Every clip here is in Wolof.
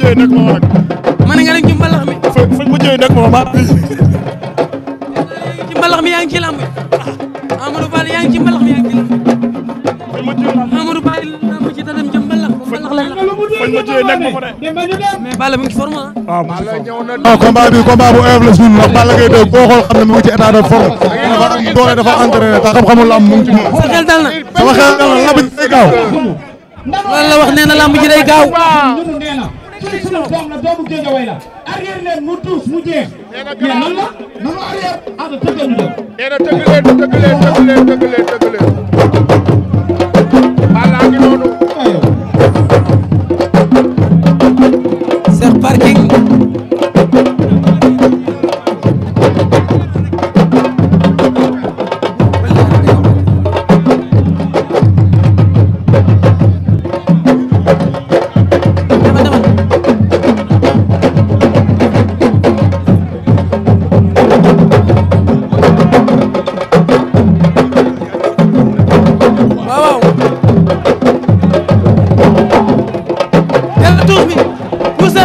mujjee nekk ma nag. ma ne nga nekk ci mbalax mi. fa fa mujjee nekk ma maa. ci mbalax mi yaa ngi ci làmb. Amadou Ba yaa ngi ci mbalax mi yaa ngi ci làmb. Amadou Ba làmb ci da dem ci mbalax mbalax la. fa mujjee nekk ma ko de. mais Balla mu ngi ci forme ah. waaw ah, mu ngi ci forme. non ah, combat bi combat bu oyof la suñu ndax Balla ngay dégg boo xool xam ne mu ngi ci état de forme. dafa doole dafa entraîné te xam-xamu làmb mu ngi ci moom. sa xel dal na. sama xel dal na làmb ji day gaaw. loolu la wax nee na làmb ji day gaaw. kii sunu doom la doomu Guédiawaye la arrière leen mu tuus mu jeex mais lan la nanu arrière ah tëggal ñu dem nee na tëgg leen tëgg leen tëgg leen tëgg leen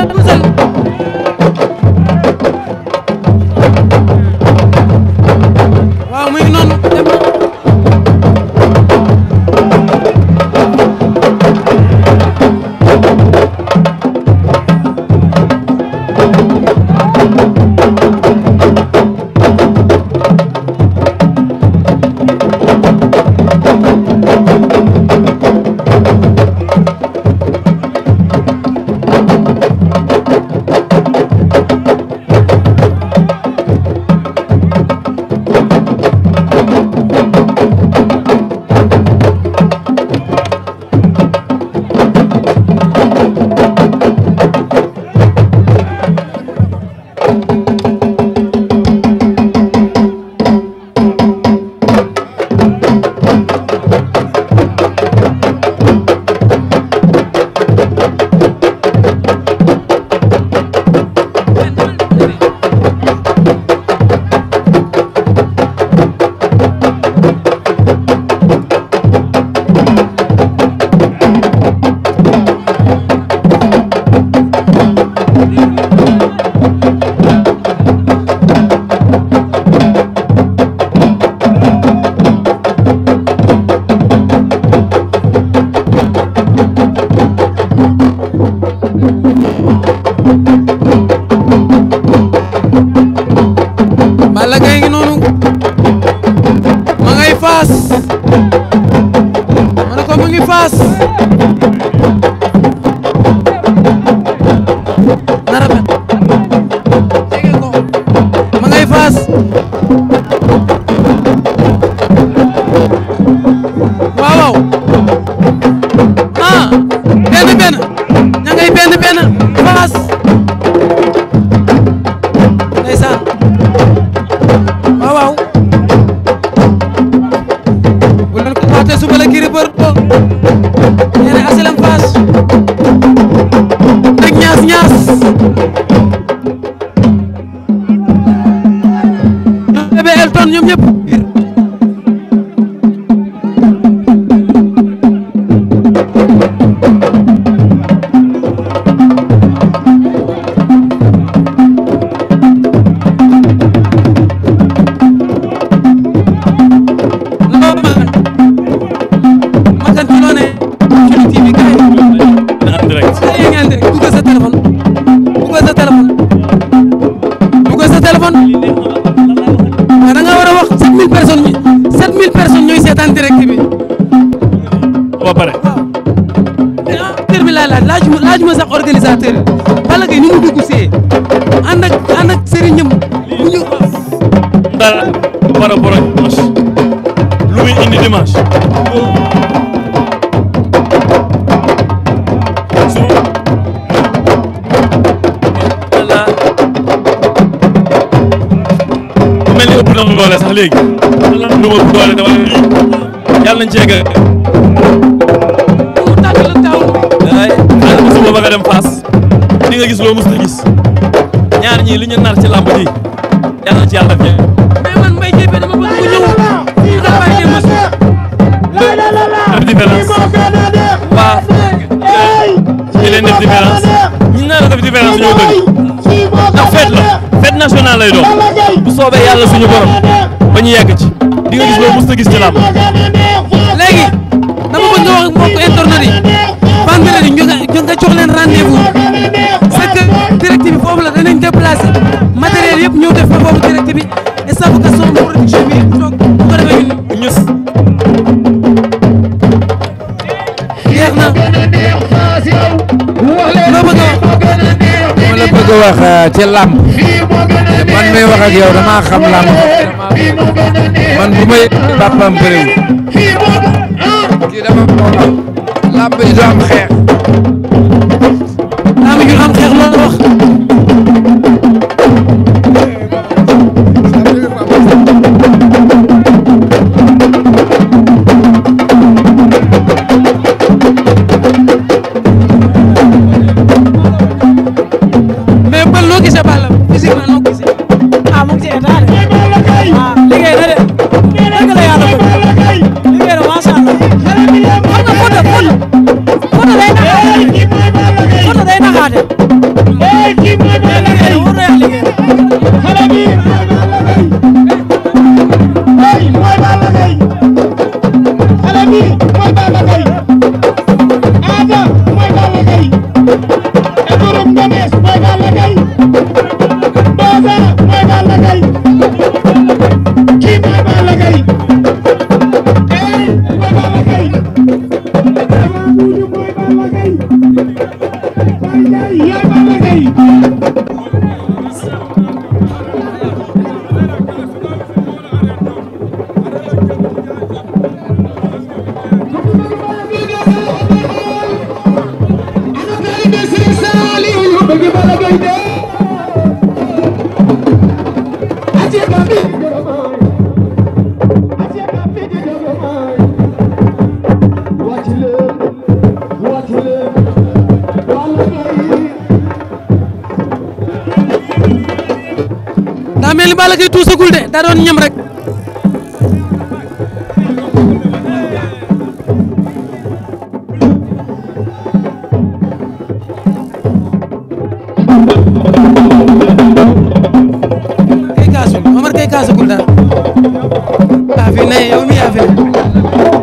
Boussel Boussel dimanche. su mel ni ëpp na mu doole sax léegi. nu ma doole dama lii yàlla nañ cee gën. ay xaaral ma suba ba nga dem Fass di nga gis loo mës na gis ñaar ñii li ñu nar ci làmb ji. conférence ñoo bëri ndax la fête nationale lay doon bu soobee yàlla suñu borom ba ñu yegg ci di nga gis loolu a gis ci làmb. léegi dama bëgg nga wax mbokk internet yi vendredi ñu nga nga jox leen rendez-vous c'est que directive bi foofu la danañ déplacer matériel yëpp ñëw def fa foofu directive bi et ça fait que son production bëgg a wax euh, ci làmb man mi wax ak yow damaa xam làmb man bu may papaam bëriwul kii dama ko làmb yi du am xeex. làmb yi du am xeex. bi Balla Gaye tuusagul de daa doon rek. kay kaasul Omar kay kaasagul daal. affaire ne yow mii affaire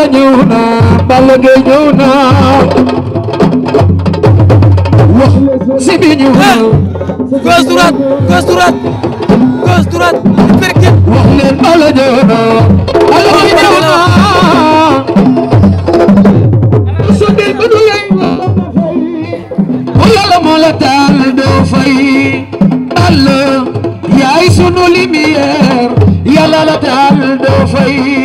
Balla ñëw na Balla Gaye ñëw na wax si bi ñëw na gauche droite gauche droite gauche droite perket wax leen Balla ñëw na Balla Gaye ñëw na so de bëdu lay wala la mo la taal doo fay Balla yaay sunu lumière yàlla la taal doo fay